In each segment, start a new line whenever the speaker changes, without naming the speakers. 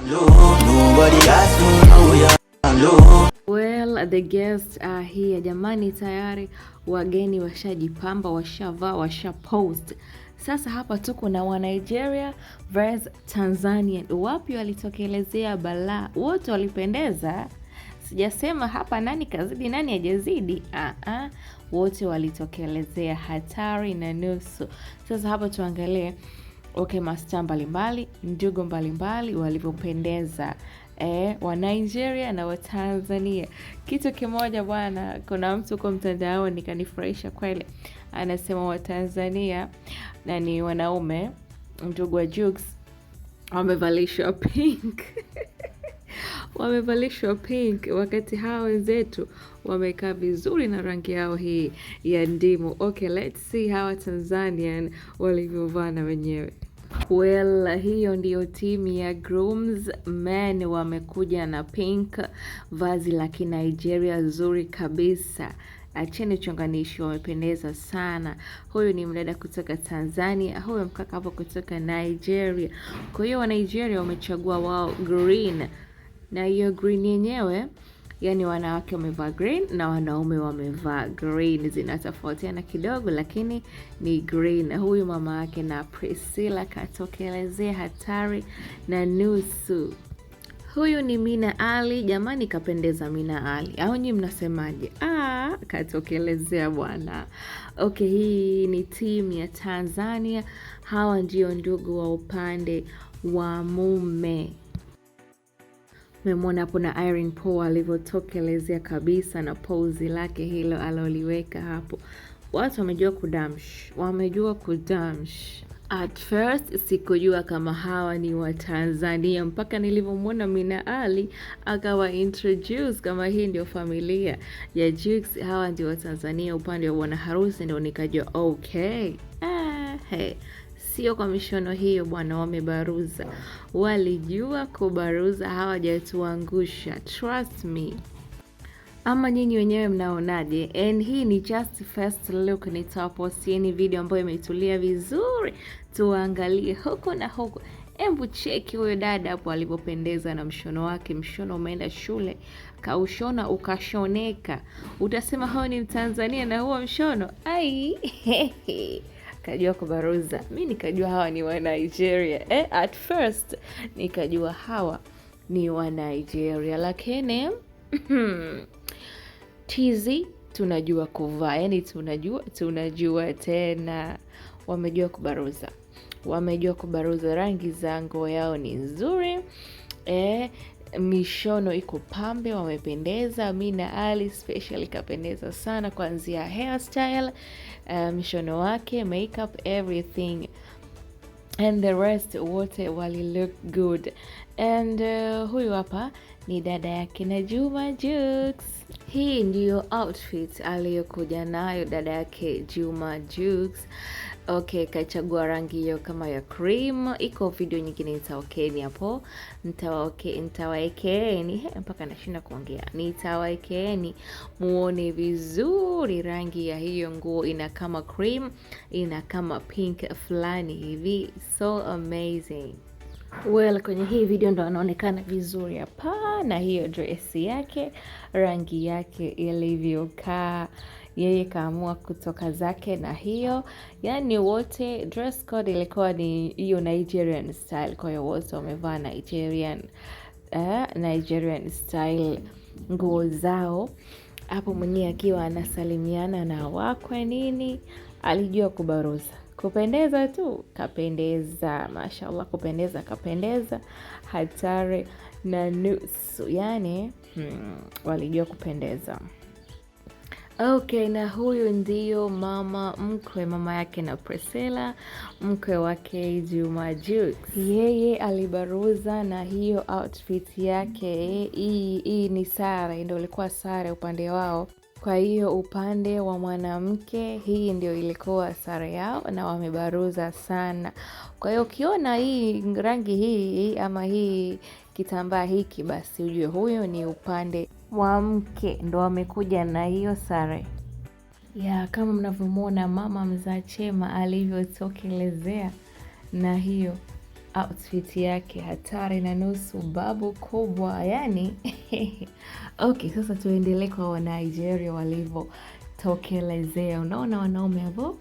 Well,
the guests are here jamani, tayari wageni washajipamba, washavaa, washapost. Sasa hapa tuko na wa Nigeria vs Tanzania, wapi walitokelezea balaa, wote walipendeza. Sijasema hapa nani kazidi nani hajazidi, ah ah, wote walitokelezea hatari na nusu. Sasa hapa tuangalie okay, masta mbalimbali, ndugu mbalimbali walivyopendeza E, wa Nigeria na watanzania kitu kimoja bwana. Kuna mtu huko mtandao nikanifurahisha kweli, anasema Watanzania na ni wanaume ndugu wa Jux wamevalishwa pink wamevalishwa pink, wakati hawa wenzetu wamekaa vizuri na rangi yao hii ya ndimu. Okay, let's see hawa Tanzanian walivyovaa na wenyewe.
Well, hiyo ndiyo timu ya Men wamekuja na pink, vazi la Kinigeria zuri kabisa. Acheni uchonganishi, wamependeza sana. Huyu ni mdada kutoka Tanzania, huyu mkaka hapo kutoka Nigeria. Kwa hiyo wa Nigeria wamechagua wao green, na hiyo green yenyewe yani wanawake wamevaa green na wanaume wamevaa green, zinatofautiana kidogo, lakini ni green. Huyu mama yake na Priscilla katokelezea hatari na nusu. Huyu ni Mina Ali. Jamani, kapendeza Mina Ali, au nyi mnasemaje? Ah, katokelezea bwana. Okay, hii ni timu ya Tanzania. Hawa ndio ndugu wa upande wa mume. Tumemwona hapo na Irene Poe alivyotokelezea kabisa na pose lake hilo aloliweka hapo. Watu wamejua kudamsh, wamejua kudamsh. At first sikujua kama hawa ni Watanzania mpaka nilivyomwona Mina Ali akawa introduce kama hii ndio familia ya Jux, hawa ndio Watanzania upande wa bwana harusi, ndio nikajua okay. Ah, hey sio kwa mishono hiyo bwana, wamebaruza, walijua kubaruza, hawajatuangusha. Trust me. Ama nyinyi wenyewe mnaonaje? And hii ni just first look, nitawapostieni video ambayo imetulia vizuri, tuangalie huko na huko. Hebu cheki huyo dada hapo alivyopendeza na mshono wake. Mshono umeenda shule, kaushona ukashoneka, utasema hao ni Mtanzania na huo mshono ai nikajua kubaruza, mi nikajua hawa ni wa Nigeria. Eh, at first nikajua hawa ni wa Nigeria, lakini tizi tunajua kuvaa, yani tunajua tunajua tena, wamejua kubaruza, wamejua kubaruza, rangi za nguo yao ni nzuri eh, mishono iko pambe, wamependeza. na Ali special ikapendeza sana, kuanzia hairstyle, uh, mishono wake, makeup, everything and the rest wote wali look good and uh, huyu hapa ni dada yake na juma Jux. Hii ndiyo outfit aliyokuja nayo dada yake Juma Jux. Okay, kachagua rangi hiyo kama ya cream. Iko video nyingine nitawaekeni hapo, nitawaeke nitawaekeeni mpaka nashinda kuongea, nitawaekeeni muone vizuri rangi ya hiyo nguo. Ina kama cream, ina kama pink fulani hivi, so amazing. Well, kwenye hii video ndo anaonekana vizuri hapa, na hiyo dress yake, rangi yake ilivyokaa, yeye kaamua kutoka zake na hiyo, yani wote dress code ilikuwa ni hiyo Nigerian style, kwa hiyo wote wamevaa Nigerian eh, Nigerian style nguo zao hapo, mwenyewe akiwa anasalimiana na wakwe nini, alijua kubaruza kupendeza tu kapendeza, mashallah, kupendeza kapendeza, hatari na nusu. Yani hmm, walijua kupendeza. Okay, na huyu ndiyo mama mkwe, mama yake na Priscilla, mkwe wake Juma Jux. Yeye alibaruza na hiyo outfit yake. Hii ni sare, ndio ilikuwa sare upande wao. Kwa hiyo upande wa mwanamke, hii ndio ilikuwa sare yao na wamebaruza sana. Kwa hiyo ukiona hii rangi hii, ama hii kitambaa hiki, basi ujue huyu ni upande wa mke, ndo amekuja na hiyo sare ya kama mnavyomwona mama mzaa Chema alivyotokelezea na hiyo outfit yake hatari na nusu, babu kubwa yani okay, sasa tuendelee kwa Wanigeria walivyotokelezea. Unaona wanaume hapo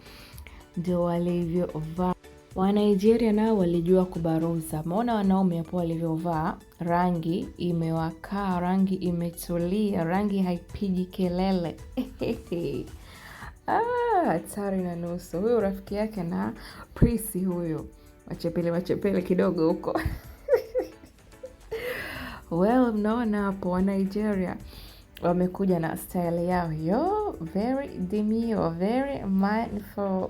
ndio walivyovaa. Wanigeria nao walijua kubaruza. Maona wanaume hapo walivyovaa, rangi imewakaa, rangi imetulia, rangi haipigi kelele ah, hatari ah, na nusu. Huyu rafiki yake na Prisi huyu machepele machepele kidogo huko well, mnaona hapo wa Nigeria wamekuja na style yao hiyo, very demure, very mindful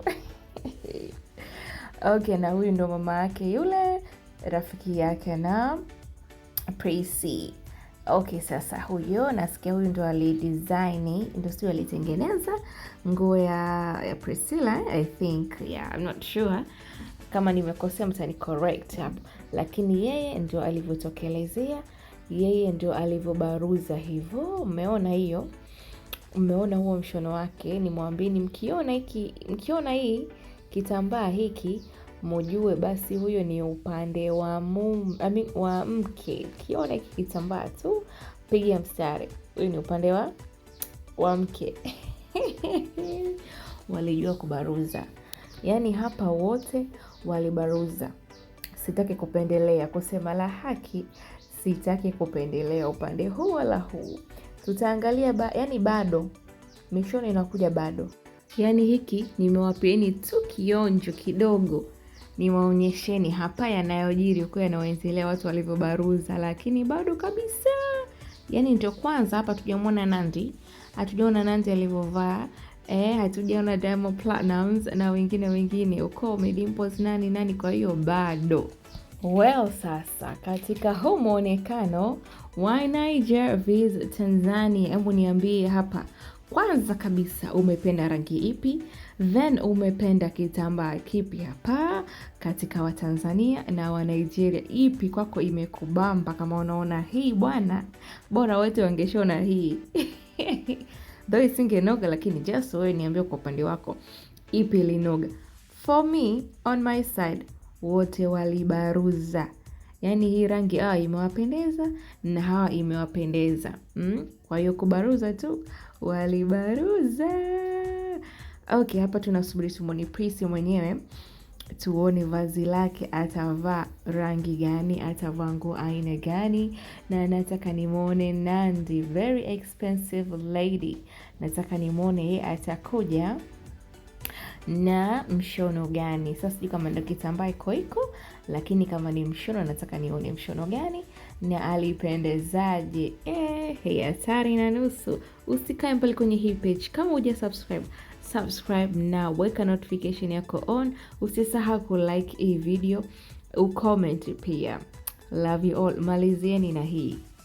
okay. Na huyu ndo mama yake yule rafiki yake na Prissy. Okay, sasa huyo nasikia huyu ndo alidesign, ndo sio alitengeneza nguo ya, ya Priscilla I think yeah, I'm not sure kama nimekosea mtani correct hapo, lakini yeye ndio alivyotokelezea, yeye ndio alivyobaruza hivyo. Mmeona hiyo, mmeona huo mshono wake. ni mwambini mkiona hiki, mkiona hii kitambaa hiki mujue basi huyo ni upande wa mum, I mean, wa mke. kiona hiki kitambaa tu piga mstari, huyo ni upande wa wa mke. Walijua kubaruza, yaani hapa wote walibaruza. Sitaki kupendelea, kusema la haki, sitaki kupendelea upande huu wala huu. Tutaangalia ba, yani bado mishono inakuja bado, yani hiki nimewapieni tu kionjo kidogo niwaonyesheni hapa yanayojiri huko yanaoendelea watu walivyobaruza, lakini bado kabisa, yani ndio kwanza hapa tujamwona nandi hatujaona nandi alivyovaa eh, hatujaona Diamond Platnumz na wengine wengine, uko Dimples, nani nani, kwa hiyo bado Well, sasa katika huu mwonekano why Niger vs Tanzania, hebu niambie hapa, kwanza kabisa umependa rangi ipi? Then umependa kitambaa kipi hapa katika Watanzania na Wanigeria, ipi kwako imekubamba? Kama unaona hii bwana, bora wote wangeshona hii though isingenoga, lakini just wewe niambie kwa upande wako ipi linoga For me on my side, wote walibaruza. Yaani hii rangi hawa ah, imewapendeza na hawa imewapendeza mm? Kwa hiyo kubaruza tu, walibaruza. Okay, hapa tunasubiri tumoni Prisi mwenyewe tuone vazi lake atavaa rangi gani, atavaa nguo aina gani, na nataka nimwone Nandy, very expensive lady. Nataka nimwone yeye atakuja na mshono gani. Sasa sijui kama ndo kitambaa iko iko, lakini kama ni mshono, nataka nione mshono gani na alipendezaje? Eh, hatari na nusu. Usikae mbali kwenye hii page kama huja subscribe subscribe na weka notification yako on. Usisahau ku like hii video, ucomment pia. Love you all, malizieni na hii.